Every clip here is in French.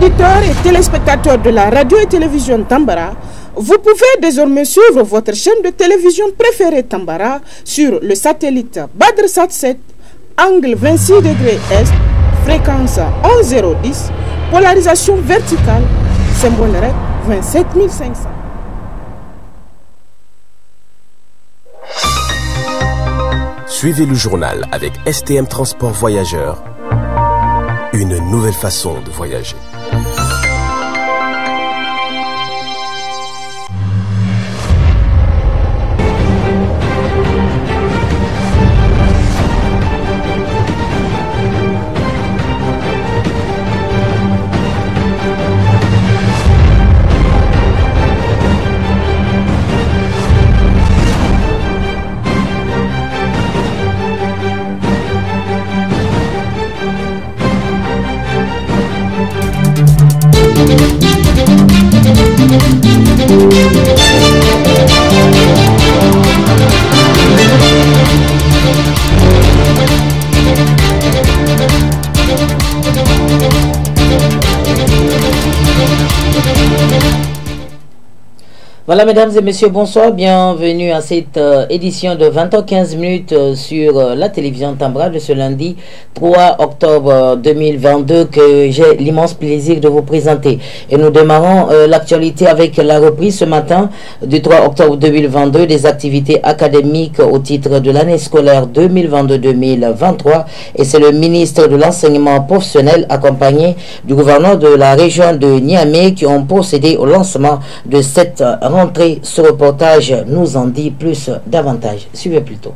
auditeurs et téléspectateurs de la radio et télévision Tambara, vous pouvez désormais suivre votre chaîne de télévision préférée Tambara sur le satellite sat 7, angle 26 degrés Est, fréquence 11010, polarisation verticale, symbole REC 27500. Suivez le journal avec STM Transport Voyageurs une nouvelle façon de voyager. Voilà, mesdames et messieurs, bonsoir. Bienvenue à cette euh, édition de 20h15 minutes euh, sur euh, la télévision Tambra de ce lundi 3 octobre 2022 que j'ai l'immense plaisir de vous présenter. Et nous démarrons l'actualité avec la reprise ce matin du 3 octobre 2022 des activités académiques au titre de l'année scolaire 2022-2023. Et c'est le ministre de l'enseignement professionnel accompagné du gouverneur de la région de Niamey qui ont procédé au lancement de cette rencontre ce reportage nous en dit plus davantage. Suivez plutôt.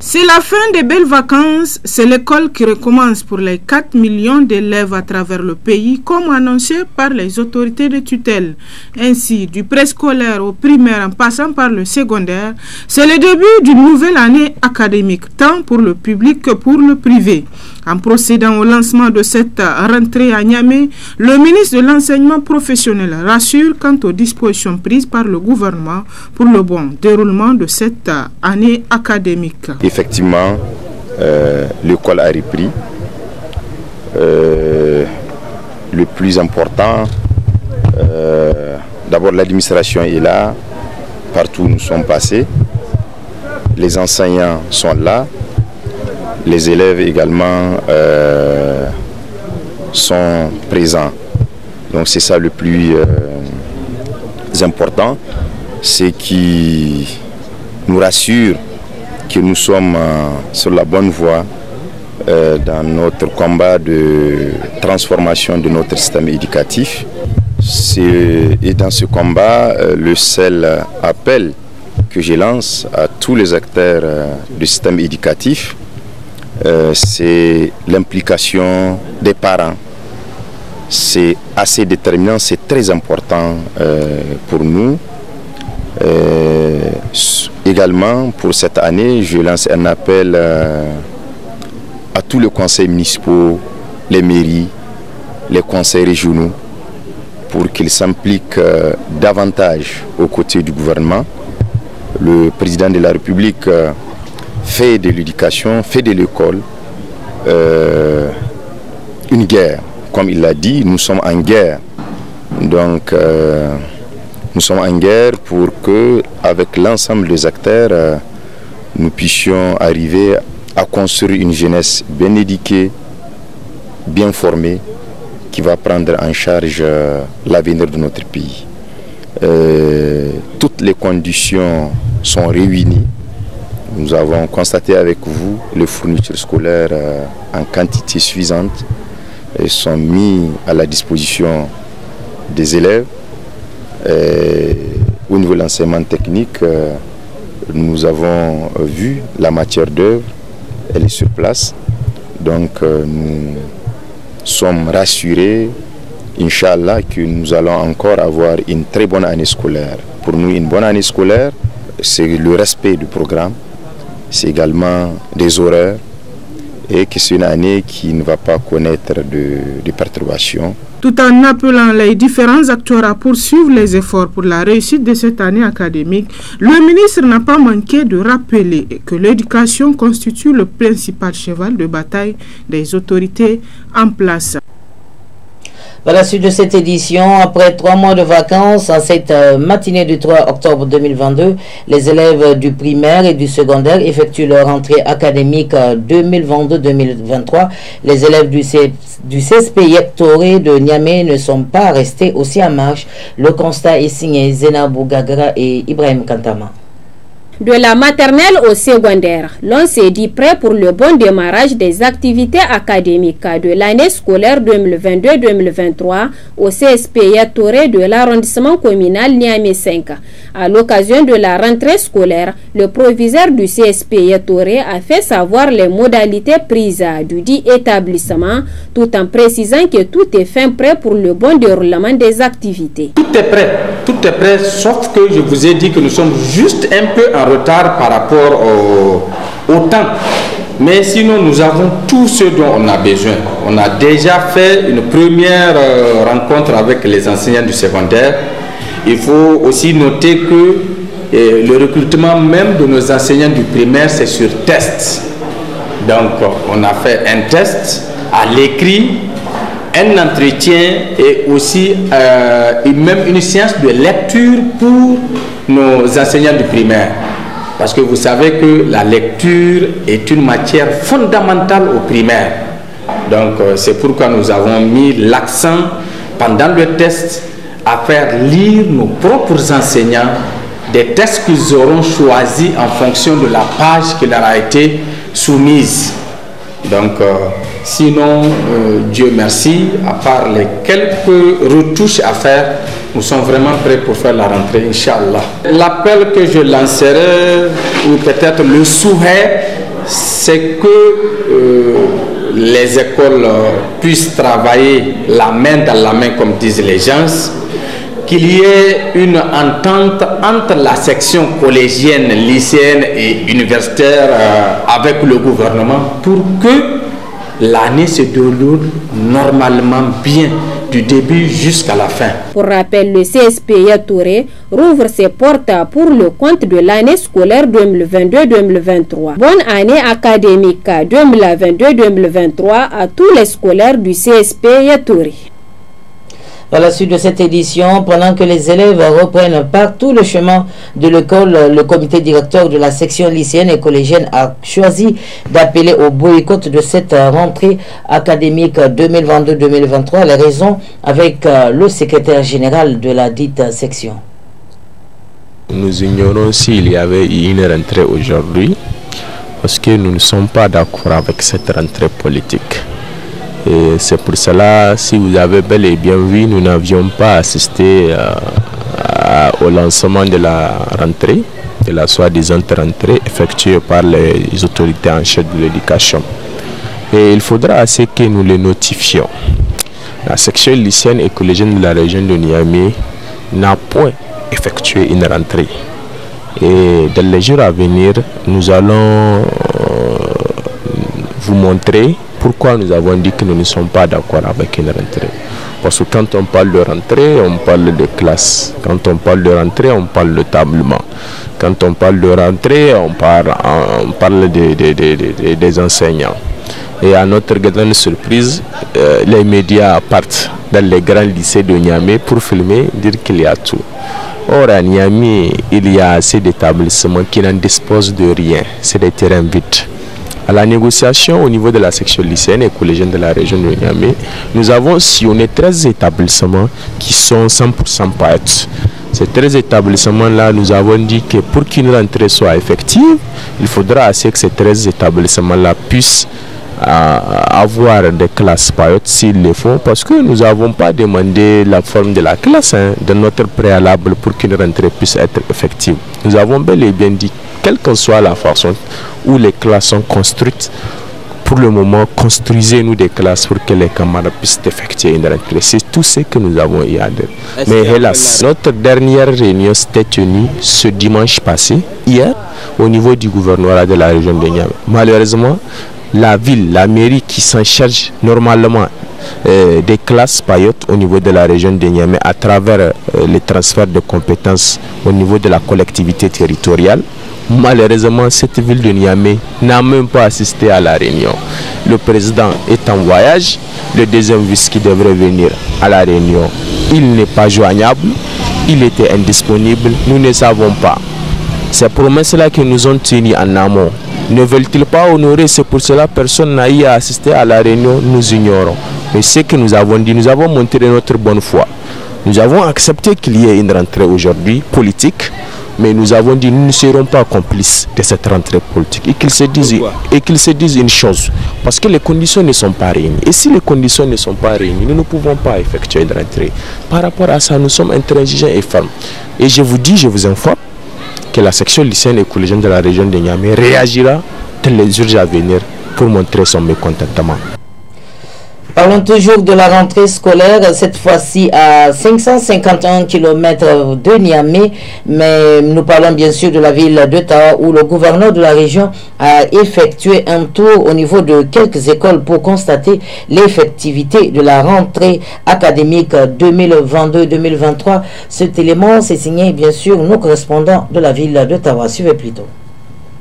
C'est la fin des belles vacances, c'est l'école qui recommence pour les 4 millions d'élèves à travers le pays, comme annoncé par les autorités de tutelle. Ainsi, du préscolaire au primaire en passant par le secondaire, c'est le début d'une nouvelle année académique, tant pour le public que pour le privé. En procédant au lancement de cette euh, rentrée à Niamey, le ministre de l'Enseignement professionnel rassure quant aux dispositions prises par le gouvernement pour le bon déroulement de cette euh, année académique. Effectivement, euh, l'école a repris. le plus important, d'abord l'administration est là, partout nous sommes passés, les enseignants sont là, les élèves également euh, sont présents. Donc c'est ça le plus euh, important, c'est qui nous rassure que nous sommes euh, sur la bonne voie dans notre combat de transformation de notre système éducatif. Et dans ce combat, le seul appel que je lance à tous les acteurs du système éducatif, euh, c'est l'implication des parents. C'est assez déterminant, c'est très important euh, pour nous. Euh, également, pour cette année, je lance un appel à tous les conseils municipaux, les mairies, les conseils régionaux, pour qu'ils s'impliquent davantage aux côtés du gouvernement. Le président de la République fait de l'éducation, fait de l'école euh, une guerre. Comme il l'a dit, nous sommes en guerre. Donc, euh, nous sommes en guerre pour que, avec l'ensemble des acteurs, euh, nous puissions arriver à construire une jeunesse bien éduquée, bien formée, qui va prendre en charge l'avenir de notre pays. toutes les conditions sont réunies nous avons constaté avec vous les fournitures scolaires euh, en quantité suffisante et sont mises à la disposition des élèves. au niveau de l'enseignement technique, euh, nous avons euh, vu la matière d'œuvre, elle est sur place. Donc nous sommes rassurés, Inch'Allah, que nous allons encore avoir une très bonne année scolaire. Pour nous, une bonne année scolaire, c'est le respect du programme, c'est également des horaires et que c'est une année qui ne va pas connaître de, de perturbations. Tout en appelant les différents acteurs à poursuivre les efforts pour la réussite de cette année académique, le ministre n'a pas manqué de rappeler que l'éducation constitue le principal cheval de bataille des autorités en place. Voilà la suite de cette édition, après trois mois de vacances, en cette euh, matinée du 3 octobre 2022, les élèves du primaire et du secondaire effectuent leur entrée académique 2022-2023. Euh, les élèves du, du CSP de Niamey ne sont pas restés aussi en marche. Le constat est signé Zena Bougagra et Ibrahim Kantama. De la maternelle au secondaire, l'on s'est dit prêt pour le bon démarrage des activités académiques de l'année scolaire 2022-2023 au CSP Yatoré de l'arrondissement communal Niamey 5. À l'occasion de la rentrée scolaire, le proviseur du CSP Yatoré a fait savoir les modalités prises à dit établissement tout en précisant que tout est fin prêt pour le bon déroulement des activités. Tout est prêt tout est prêt, sauf que je vous ai dit que nous sommes juste un peu en retard par rapport au, temps. Mais sinon, nous avons tout ce dont on a besoin. On a déjà fait une première euh, rencontre avec les enseignants du secondaire. Il faut aussi noter que euh, le recrutement même de nos enseignants du primaire, c'est sur test. Donc, on a fait un test à l'écrit un entretien et aussi euh, même une science de lecture pour nos enseignants du primaire. Parce que vous savez que la lecture est une matière fondamentale au primaire. Donc euh, c'est pourquoi nous avons mis l'accent pendant le test à faire lire nos propres enseignants des tests qu'ils auront choisis en fonction de la page qui leur a été soumise. Donc, euh, sinon, euh, Dieu merci, à part les quelques retouches à faire, nous sommes vraiment prêts pour faire la rentrée, Inch'Allah. L'appel que je lancerai, ou peut-être le souhait, c'est que euh, les écoles puissent travailler la main dans la main, comme disent les gens, qu'il y ait une entente entre la section collégienne, lycéenne et universitaire euh, avec le gouvernement pour que l'année se déroule normalement bien du début jusqu'à la fin. Pour rappel, le CSP Touré rouvre ses portes pour le compte de l'année scolaire 2022-2023. Bonne année académique 2022-2023 à tous les scolaires du CSP Touré. Dans la suite de cette édition, pendant que les élèves reprennent partout le chemin de l'école, le comité directeur de la section lycéenne et collégienne a choisi d'appeler au boycott de cette rentrée académique 2022-2023. Les raisons avec euh, le secrétaire général de la dite section. Nous ignorons s'il y avait une rentrée aujourd'hui parce que nous ne sommes pas d'accord avec cette rentrée politique c'est pour cela, si vous avez bel et bien vu, nous n'avions pas assisté euh, au lancement de la rentrée, de la soi-disant rentrée effectuée par les autorités en chef de l'éducation. Et il faudra que nous les notifions. La section lycéenne et collégienne de la région de Niamey n'a point effectué une rentrée. Et dans les jours à venir, nous allons euh, vous montrer pourquoi nous avons dit que nous ne sommes pas d'accord avec une rentrée. Parce que quand on parle de rentrée, on parle de classe. Quand on parle de rentrée, on parle de tablement. Quand on parle de rentrée, on parle, des enseignants. Et à notre grande surprise, euh, les médias partent dans les grands lycées de Niamey pour filmer, dire qu'il y a tout. Or, à Niamey, il y a assez d'établissements qui n'en disposent de rien. C'est des terrains vides. À la négociation au niveau de la section lycéenne et collégienne de la région de Niamey, nous avons sillonné 13 établissements qui sont 100% PAET. Ces 13 établissements-là, nous avons dit que pour qu'une rentrée soit effective, il faudra assez que ces 13 établissements-là puissent avoir des classes payotes s'il le faut, parce que nous n'avons pas demandé la forme de la classe hein, de notre préalable pour qu'une rentrée puisse être effective. Nous avons bel et bien dit, quelle que soit la façon où les classes sont construites, pour le moment, construisez-nous des classes pour que les camarades puissent effectuer une rentrée. C'est tout ce que nous avons eu à dire. Mais hélas, notre dernière réunion s'était tenue ce dimanche passé, hier, au niveau du gouvernorat de la région de Niamey. Malheureusement, la ville, la mairie qui s'en charge normalement euh, des classes payotes au niveau de la région de Niamey à travers euh, les transferts de compétences au niveau de la collectivité territoriale. Malheureusement, cette ville de Niamey n'a même pas assisté à la réunion. Le président est en voyage, le deuxième vice qui devrait venir à la réunion, il n'est pas joignable, il était indisponible, nous ne savons pas. Ces promesses-là que nous ont tenues en amont ne veulent-ils pas honorer C'est pour cela personne n'a eu à assister à la réunion, nous ignorons. Mais ce que nous avons dit, nous avons montré notre bonne foi. Nous avons accepté qu'il y ait une rentrée aujourd'hui politique, mais nous avons dit nous ne serons pas complices de cette rentrée politique. Et qu'ils se disent, et se disent une chose, parce que les conditions ne sont pas réunies. Et si les conditions ne sont pas réunies, nous ne pouvons pas effectuer une rentrée. Par rapport à ça, nous sommes intransigeants et fermes. Et je vous dis, je vous informe, que la section lycéenne et collégienne de la région de Niamey réagira dans les urges à venir pour montrer son mécontentement. Parlons toujours de la rentrée scolaire, cette fois-ci à 551 km de Niamey, mais nous parlons bien sûr de la ville d'Ottawa où le gouverneur de la région a effectué un tour au niveau de quelques écoles pour constater l'effectivité de la rentrée académique 2022-2023. Cet élément s'est signé bien sûr nos correspondants de la ville d'Ottawa. Suivez plutôt.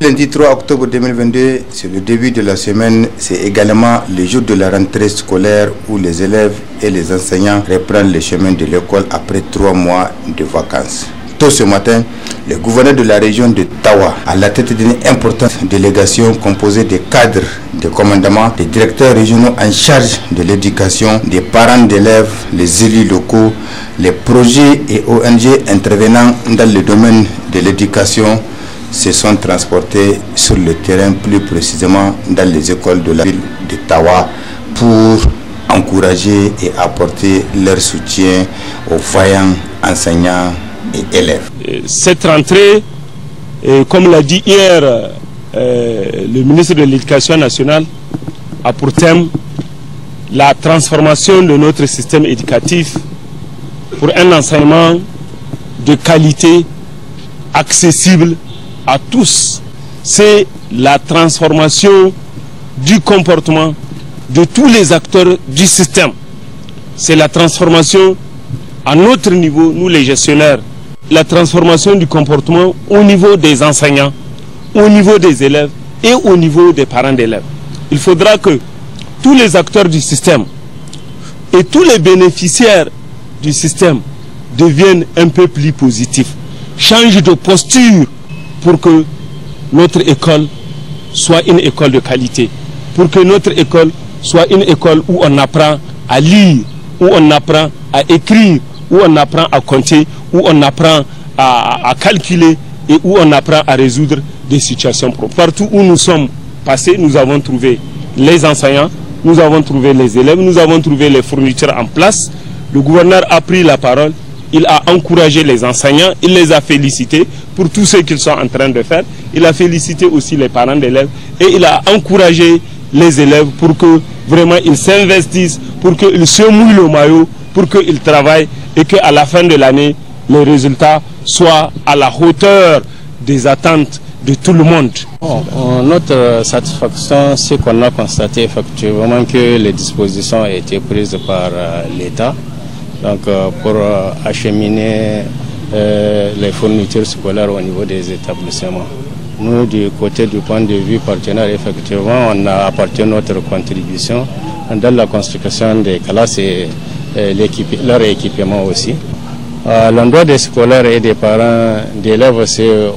Lundi 3 octobre 2022, c'est le début de la semaine, c'est également le jour de la rentrée scolaire où les élèves et les enseignants reprennent le chemin de l'école après trois mois de vacances. Tôt ce matin, le gouverneur de la région de Tawa, à la tête d'une importante délégation composée des cadres de commandement, des directeurs régionaux en charge de l'éducation, des parents d'élèves, les élus locaux, les projets et ONG intervenant dans le domaine de l'éducation, se sont transportés sur le terrain, plus précisément dans les écoles de la ville de Tawa, pour encourager et apporter leur soutien aux voyants, enseignants et élèves. Euh, cette rentrée, euh, comme l'a dit hier euh, le ministre de l'Éducation nationale, a pour thème la transformation de notre système éducatif pour un enseignement de qualité, accessible à tous, c'est la transformation du comportement de tous les acteurs du système. C'est la transformation à notre niveau, nous les gestionnaires, la transformation du comportement au niveau des enseignants, au niveau des élèves et au niveau des parents d'élèves. Il faudra que tous les acteurs du système et tous les bénéficiaires du système deviennent un peu plus positifs, changent de posture pour que notre école soit une école de qualité, pour que notre école soit une école où on apprend à lire, où on apprend à écrire, où on apprend à compter, où on apprend à, calculer et où on apprend à résoudre des situations propres. Partout où nous sommes passés, nous avons trouvé les enseignants, nous avons trouvé les élèves, nous avons trouvé les fournitures en place. Le gouverneur a pris la parole il a encouragé les enseignants, il les a félicités pour tout ce qu'ils sont en train de faire. Il a félicité aussi les parents d'élèves et il a encouragé les élèves pour que vraiment ils s'investissent, pour qu'ils se mouillent au maillot, pour qu'ils travaillent et qu'à la fin de l'année, les résultats soient à la hauteur des attentes de tout le monde. notre euh, satisfaction, c'est qu'on a constaté effectivement que les dispositions ont été prises par euh, l'État donc euh, pour euh, acheminer euh, les fournitures scolaires au niveau des établissements. Nous, du côté du point de vue partenaire, effectivement, on a apporté notre contribution dans la construction des classes et, leur équipement aussi. l'endroit des scolaires et des parents d'élèves,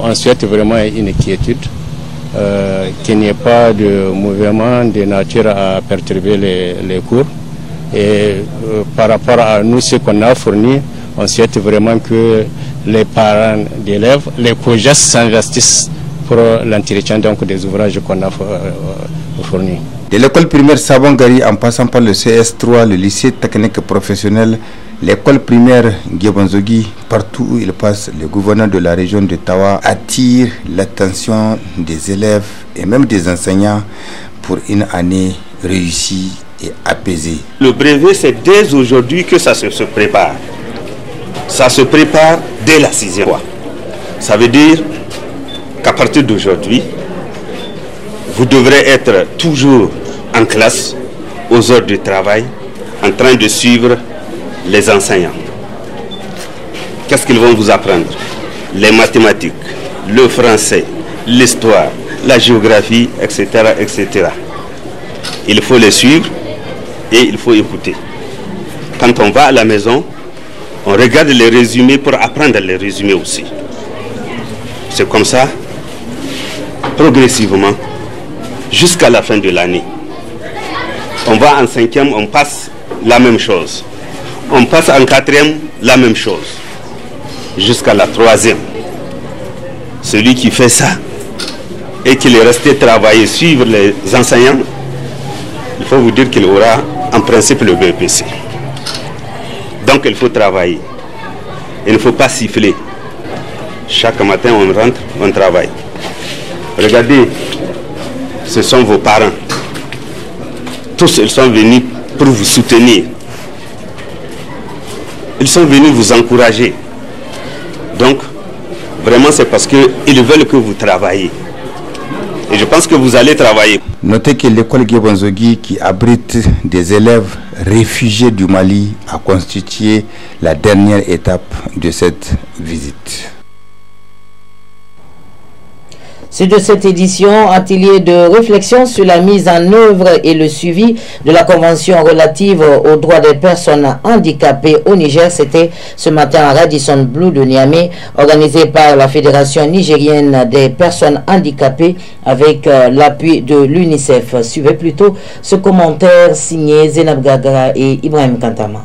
on souhaite vraiment une inquiétude, qu'il n'y ait pas de mouvement de nature à perturber les cours. Et euh, par rapport à nous, ce qu'on a fourni, on souhaite vraiment que les parents d'élèves, les projets s'investissent pour l'entretien des ouvrages qu'on a euh, fournis. De l'école primaire Sabangari en passant par le CS3, le lycée technique professionnel, l'école primaire Gyebanzogi, partout où il passe, le gouverneur de la région de Tawa attire l'attention des élèves et même des enseignants pour une année réussie et Le brevet, c'est dès aujourd'hui que ça se, prépare. Ça se prépare dès la sixième fois. Ça veut dire qu'à partir d'aujourd'hui, vous devrez être toujours en classe, aux heures de travail, en train de suivre les enseignants. Qu'est-ce qu'ils vont vous apprendre Les mathématiques, le français, l'histoire, la géographie, etc., etc. Il faut les suivre et il faut écouter. Quand on va à la maison, on regarde les résumés pour apprendre les résumés aussi. C'est comme ça, progressivement, jusqu'à la fin de l'année. On va en cinquième, on passe la même chose. On passe en quatrième, la même chose. Jusqu'à la troisième. Celui qui fait ça et qui est resté travailler, suivre les enseignants, il faut vous dire qu'il aura en principe le bpc Donc il faut travailler. Il ne faut pas siffler. Chaque matin, on rentre, on travaille. Regardez, ce sont vos parents. Tous, ils sont venus pour vous soutenir. Ils sont venus vous encourager. Donc, vraiment, c'est parce qu'ils veulent que vous travaillez. Et je pense que vous allez travailler. Notez que l'école Guébonzogui, qui abrite des élèves réfugiés du Mali, a constitué la dernière étape de cette visite. C'est de cette édition, atelier de réflexion sur la mise en œuvre et le suivi de la Convention relative aux droits des personnes handicapées au Niger. C'était ce matin à Radisson Blue de Niamey, organisé par la Fédération nigérienne des personnes handicapées avec euh, l'appui de l'UNICEF. Suivez plutôt ce commentaire signé Zenab Gagara et Ibrahim Kantama.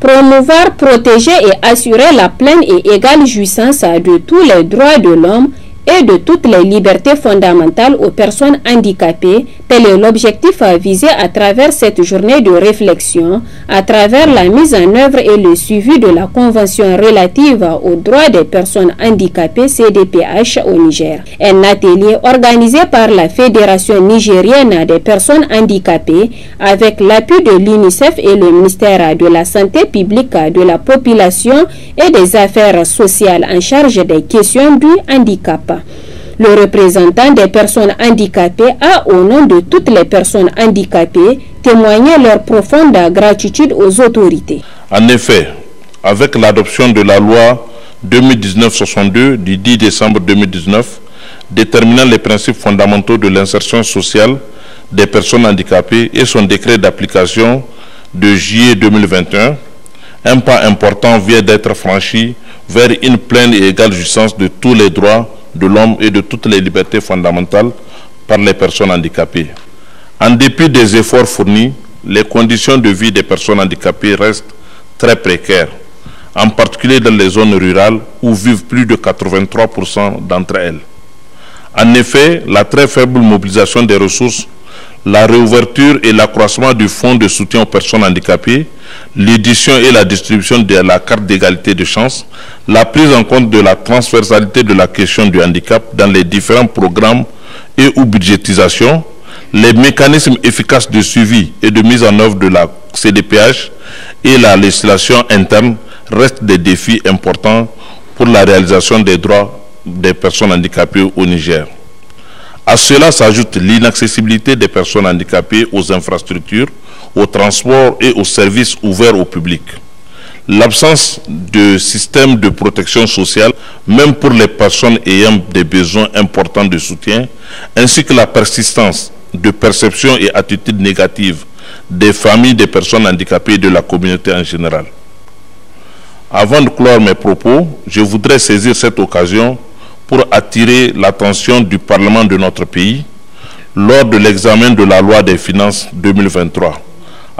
Promouvoir, protéger et assurer la pleine et égale jouissance de tous les droits de l'homme et de toutes les libertés fondamentales aux personnes handicapées, tel est l'objectif euh, visé à travers cette journée de réflexion, à travers la mise en œuvre et le suivi de la Convention relative aux droits des personnes handicapées CDPH au Niger. Un atelier organisé par la Fédération nigérienne des personnes handicapées avec l'appui de l'UNICEF et le ministère de la Santé publique, de la population et des affaires sociales en charge des questions du handicap. Le représentant des personnes handicapées a, au nom de toutes les personnes handicapées, témoigné leur profonde gratitude aux autorités. En effet, avec l'adoption de la loi 2019-62 du 10 décembre 2019, déterminant les principes fondamentaux de l'insertion sociale des personnes handicapées et son décret d'application de juillet 2021, un pas important vient d'être franchi vers une pleine et égale jouissance de tous les droits de l'homme et de toutes les libertés fondamentales par les personnes handicapées. En dépit des efforts fournis, les conditions de vie des personnes handicapées restent très précaires, en particulier dans les zones rurales où vivent plus de 83% d'entre elles. En effet, la très faible mobilisation des ressources la réouverture et l'accroissement du fonds de soutien aux personnes handicapées, l'édition et la distribution de la carte d'égalité de chance, la prise en compte de la transversalité de la question du handicap dans les différents programmes et ou budgétisations, les mécanismes efficaces de suivi et de mise en œuvre de la CDPH et la législation interne restent des défis importants pour la réalisation des droits des personnes handicapées au Niger. À cela s'ajoute l'inaccessibilité des personnes handicapées aux infrastructures, aux transports et aux services ouverts au public. L'absence de système de protection sociale, même pour les personnes ayant des besoins importants de soutien, ainsi que la persistance de perceptions et attitudes négatives des familles des personnes handicapées et de la communauté en général. Avant de clore mes propos, je voudrais saisir cette occasion pour attirer l'attention du Parlement de notre pays lors de l'examen de la loi des finances 2023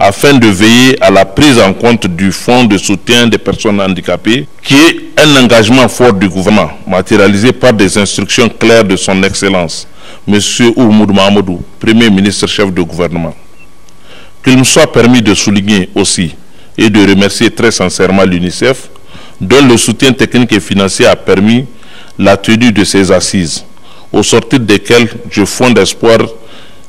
afin de veiller à la prise en compte du fonds de soutien des personnes handicapées, qui est un engagement fort du gouvernement, matérialisé par des instructions claires de son Excellence, M. Oumoud Mahamoudou, Premier ministre chef de gouvernement. Qu'il me soit permis de souligner aussi et de remercier très sincèrement l'UNICEF, dont le soutien technique et financier a permis la tenue de ces assises, aux sorties desquelles je fonde espoir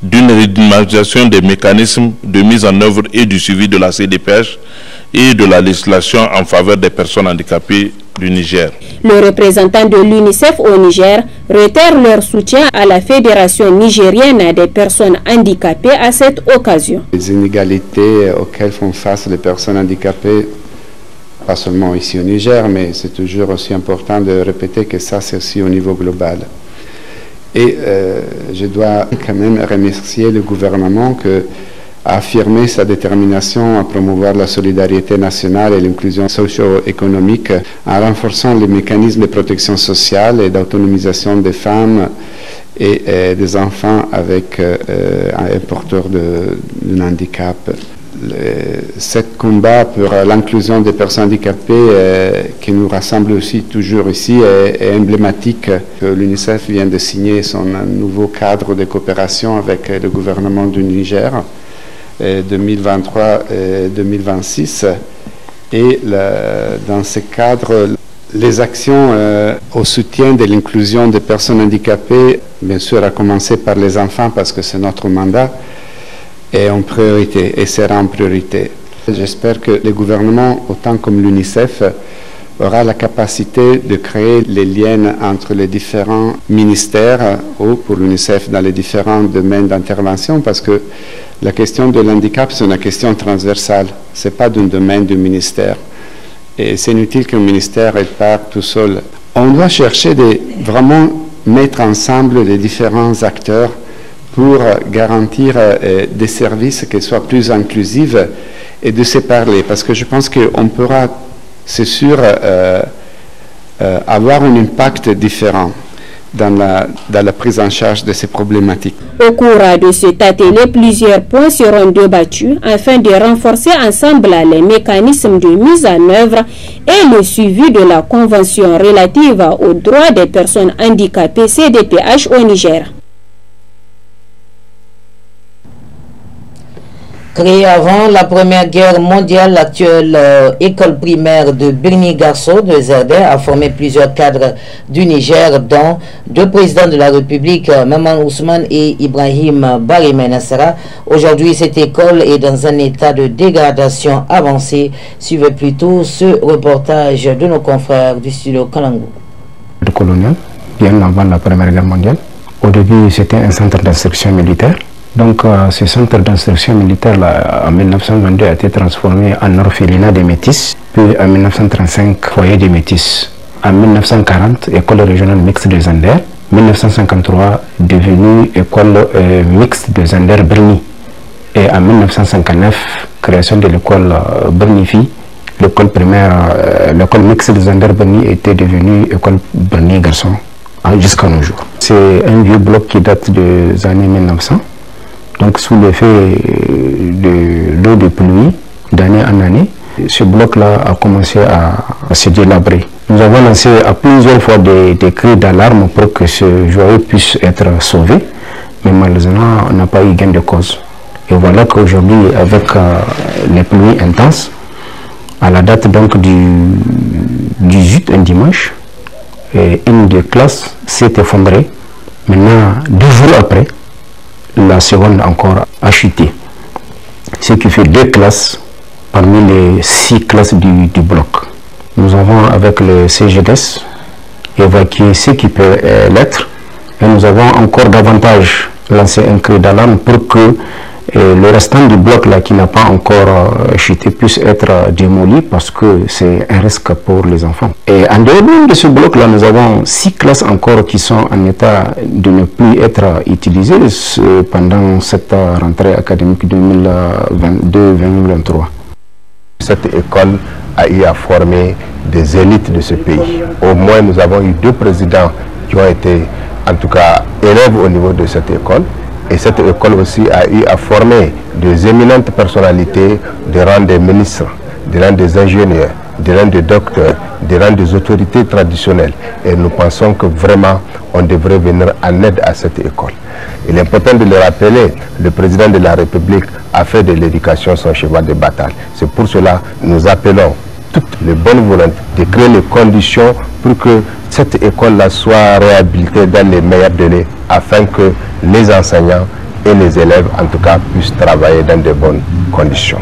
d'une redynamisation des mécanismes de mise en œuvre et du suivi de la CDPH et de la législation en faveur des personnes handicapées du Niger. Le représentant de l'UNICEF au Niger réitère leur soutien à la Fédération nigérienne des personnes handicapées à cette occasion. Les inégalités auxquelles font face les personnes handicapées pas seulement ici au Niger, mais c'est toujours aussi important de répéter que ça, c'est aussi au niveau global. Et euh, je dois quand même remercier le gouvernement qui a affirmé sa détermination à promouvoir la solidarité nationale et l'inclusion socio-économique en renforçant les mécanismes de protection sociale et d'autonomisation des femmes et, euh, des enfants avec euh, un porteur d'un handicap. Ce combat pour euh, l'inclusion des personnes handicapées euh, qui nous rassemble aussi toujours ici est, emblématique. Euh, L'UNICEF vient de signer son nouveau cadre de coopération avec le gouvernement du Niger 2023-2026. Et dans ce cadre, les actions au soutien de l'inclusion des personnes handicapées, bien sûr, à commencer par les enfants parce que c'est notre mandat, est en priorité et sera en priorité. J'espère que le gouvernement, autant comme l'UNICEF, aura la capacité de créer les liens entre les différents ministères ou pour l'UNICEF dans les différents domaines d'intervention parce que la question de l'handicap, c'est une question transversale, ce n'est pas d'un domaine du ministère. Et c'est inutile qu'un ministère elle part tout seul. On doit chercher de vraiment mettre ensemble les différents acteurs pour garantir euh, des services qui soient plus inclusifs et de se parler. Parce que je pense qu'on pourra, c'est sûr, euh, euh, avoir un impact différent. Dans la, prise en charge de ces problématiques. Au cours de cet atelier, plusieurs points seront débattus afin de renforcer ensemble les mécanismes de mise en œuvre et le suivi de la Convention relative aux droits des personnes handicapées CDPH au Niger. Créée avant la Première Guerre mondiale, l'actuelle euh, école primaire de Birni Garceau de Zerdé a formé plusieurs cadres du Niger, dont deux présidents de la République, euh, Maman Ousmane et Ibrahim Barimé Nassara. Aujourd'hui, cette école est dans un état de dégradation avancée. Suivez plutôt ce reportage de nos confrères du studio Kalango. Le colonial, bien avant la Première Guerre mondiale, au début c'était un centre d'instruction militaire. Donc, euh, ce centre d'instruction militaire, en 1922, a été transformé en orphelinat des métis, puis en 1935, foyer des métis. En 1940, école régionale mixte des Anders. 1953, devenue école euh, mixte des Anders Berni. Et en 1959, création de l'école euh, Bernifi. L'école primaire, euh, l'école mixte des Anders Berni était devenue école Berni garçon hein, jusqu'à nos jours. C'est un vieux bloc qui date des années 1900. Donc sous l'effet euh, de l'eau de pluie, d'année en année, ce bloc-là a commencé à, se délabrer. Nous avons lancé à plusieurs fois des, cris d'alarme pour que ce joyau puisse être sauvé, mais malheureusement, on n'a pas eu gain de cause. Et voilà qu'aujourd'hui, avec euh, les pluies intenses, à la date donc du 18, un dimanche, une des classes s'est effondrée. Maintenant, deux jours après, la seconde encore a Ce qui fait deux classes parmi les six classes du, du bloc. Nous avons avec le CGDS évacué ce qui peut euh, l'être et nous avons encore davantage lancé un cri d'alarme pour que et le restant du bloc là qui n'a pas encore euh, chuté puisse être euh, démoli parce que c'est un risque pour les enfants. Et en dehors de ce bloc là, nous avons six classes encore qui sont en état de ne plus être euh, utilisées pendant cette rentrée académique 2022-2023. Cette école a eu à former des élites de ce pays. Au moins, nous avons eu deux présidents qui ont été, en tout cas, élèves au niveau de cette école. Et cette école aussi a eu à former des éminentes personnalités des rangs des ministres, des rangs des ingénieurs, des rangs des docteurs, des rangs des autorités traditionnelles. Et nous pensons que vraiment, on devrait venir en aide à cette école. Il est important de le rappeler, le président de la République a fait de l'éducation son cheval de bataille. C'est pour cela que nous appelons toutes les bonnes volontés de créer les conditions pour que cette école-là soit réhabilitée dans les meilleurs données afin que les enseignants et les élèves, en tout cas, puissent travailler dans de bonnes conditions.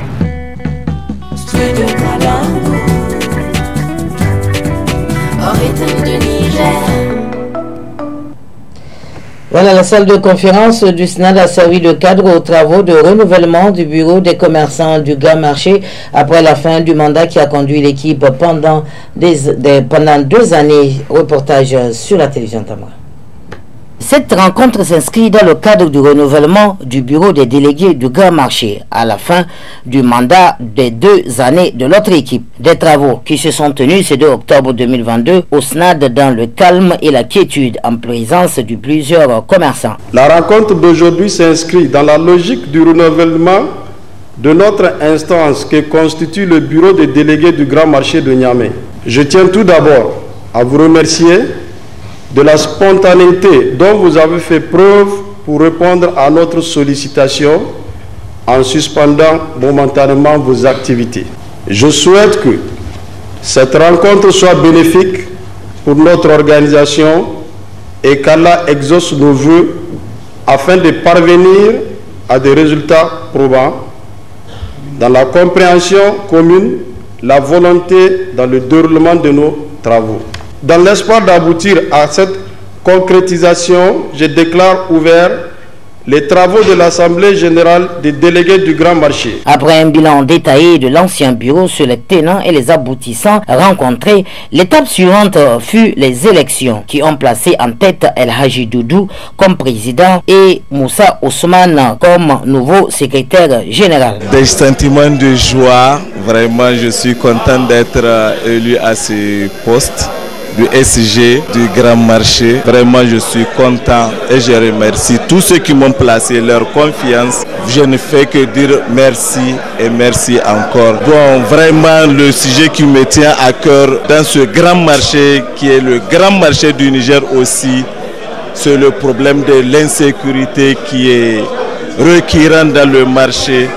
Voilà la salle de conférence du SNAD a servi de cadre aux travaux de renouvellement du bureau des commerçants du Grand Marché après la fin du mandat qui a conduit l'équipe pendant, pendant deux années. Reportage sur la télévision Tamara. Cette rencontre s'inscrit dans le cadre du renouvellement du bureau des délégués du grand marché à la fin du mandat des deux années de notre équipe. Des travaux qui se sont tenus ce 2 octobre 2022 au SNAD dans le calme et la quiétude en présence de plusieurs commerçants. La rencontre d'aujourd'hui s'inscrit dans la logique du renouvellement de notre instance que constitue le bureau des délégués du grand marché de Niamey. Je tiens tout d'abord à vous remercier de la spontanéité dont vous avez fait preuve pour répondre à notre sollicitation en suspendant momentanément vos activités. Je souhaite que cette rencontre soit bénéfique pour notre organisation et qu'Allah exauce nos voeux afin de parvenir à des résultats probants dans la compréhension commune, la volonté dans le déroulement de nos travaux. Dans l'espoir d'aboutir à cette concrétisation, je déclare ouvert les travaux de l'Assemblée générale des délégués du Grand Marché. Après un bilan détaillé de l'ancien bureau sur les tenants et les aboutissants rencontrés, l'étape suivante fut les élections qui ont placé en tête El Haji Doudou comme président et Moussa Ousmane comme nouveau secrétaire général. Des sentiments de joie, vraiment je suis content d'être euh, élu à ce poste du SG, du Grand Marché. Vraiment, je suis content et je remercie tous ceux qui m'ont placé leur confiance. Je ne fais que dire merci et merci encore. Bon, vraiment, le sujet qui me tient à cœur dans ce grand marché, qui est le grand marché du Niger aussi, c'est le problème de l'insécurité qui est requérant dans le marché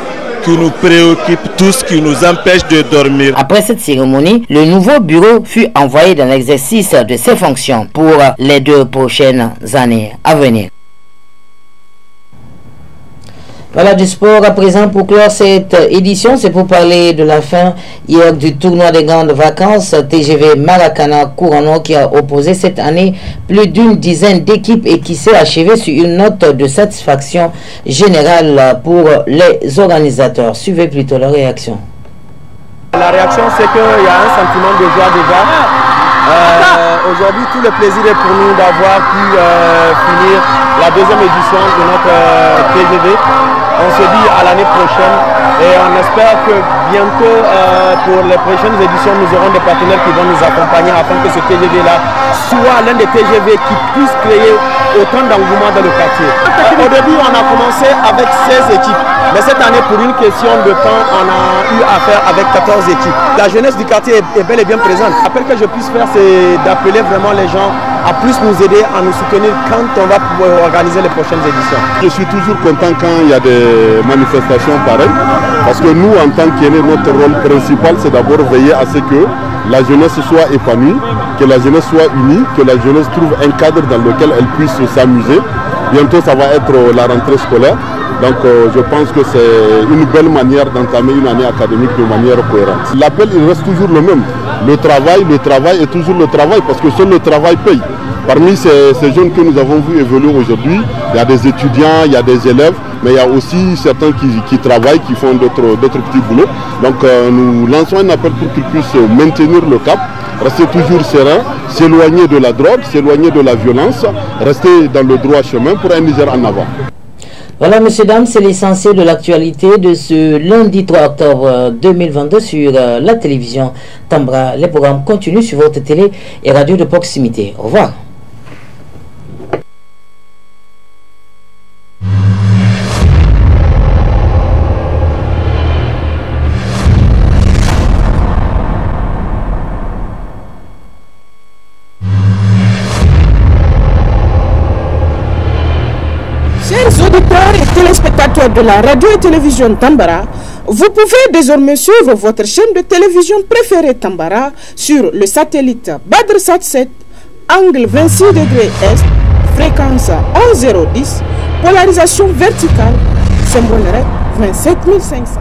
qui nous préoccupent tous, qui nous empêche de dormir. Après cette cérémonie, le nouveau bureau fut envoyé dans l'exercice de ses fonctions pour les deux prochaines années à venir. Voilà du sport à présent pour clore cette édition. C'est pour parler de la fin hier du tournoi des grandes vacances TGV Maracana Courano qui a opposé cette année plus d'une dizaine d'équipes et qui s'est achevé sur une note de satisfaction générale pour les organisateurs. Suivez plutôt la réaction. La réaction c'est qu'il y a un sentiment de joie voir... Euh, aujourd'hui, tout le plaisir est pour nous d'avoir pu euh, finir la deuxième édition de notre TGV. Euh, on se dit à l'année prochaine et on espère que bientôt, pour les prochaines éditions, nous aurons des partenaires qui vont nous accompagner afin que ce TGV-là soit l'un des TGV qui puisse créer autant d'engouement dans le quartier. Ah, Au début, on a commencé avec 16 équipes, mais cette année, pour une question de temps, on a eu affaire avec 14 équipes. La jeunesse du quartier est bel et bien présente. que je puisse faire c'est d'appeler vraiment les gens à plus nous aider, à nous soutenir quand on va pouvoir organiser les prochaines éditions. Je suis toujours content quand il y a des manifestations pareilles, parce que nous, en tant qu'aînés, notre rôle principal, c'est d'abord veiller à ce que la jeunesse soit épanouie, que la jeunesse soit unie, que la jeunesse trouve un cadre dans lequel elle puisse s'amuser. Bientôt, ça va être euh, la rentrée scolaire. Donc euh, je pense que c'est une belle manière d'entamer une année académique de manière cohérente. L'appel, il reste toujours le même. Le travail, le travail est toujours le travail parce que seul le travail paye. Parmi ces, jeunes que nous avons vu évoluer aujourd'hui, il y a des étudiants, il y a des élèves, mais il y a aussi certains qui, travaillent, qui font d'autres petits boulots. Donc euh, nous lançons un appel pour qu'ils puissent maintenir le cap, rester toujours serein, s'éloigner de la drogue, s'éloigner de la violence, rester dans le droit chemin pour un Niger en avant. Voilà, messieurs, dames, c'est l'essentiel de l'actualité de ce lundi 3 octobre 2022 euh, sur euh, la télévision Tambra. Les programmes continuent sur votre télé et radio de proximité. Au revoir. de la radio et télévision Tambara, vous pouvez désormais suivre votre chaîne de télévision préférée Tambara sur le satellite BadrSat 7, angle 26 degrés Est, fréquence 11010, polarisation verticale, symbole 27500.